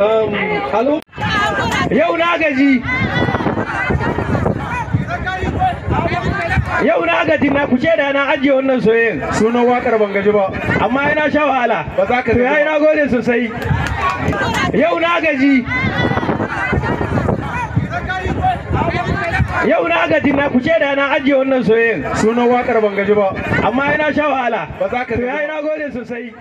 Um, yau na gaji yau na gaji na kuce da na ajiye wannan soyayyen sunan wakar ban gaji ba amma yana sha wahala ba za ka yi na gode sosai yau na gaji yau na gaji na kuce da na ajiye wannan soyayyen sunan wakar ban gaji ba amma yana sha wahala ba za ka yi na gode sosai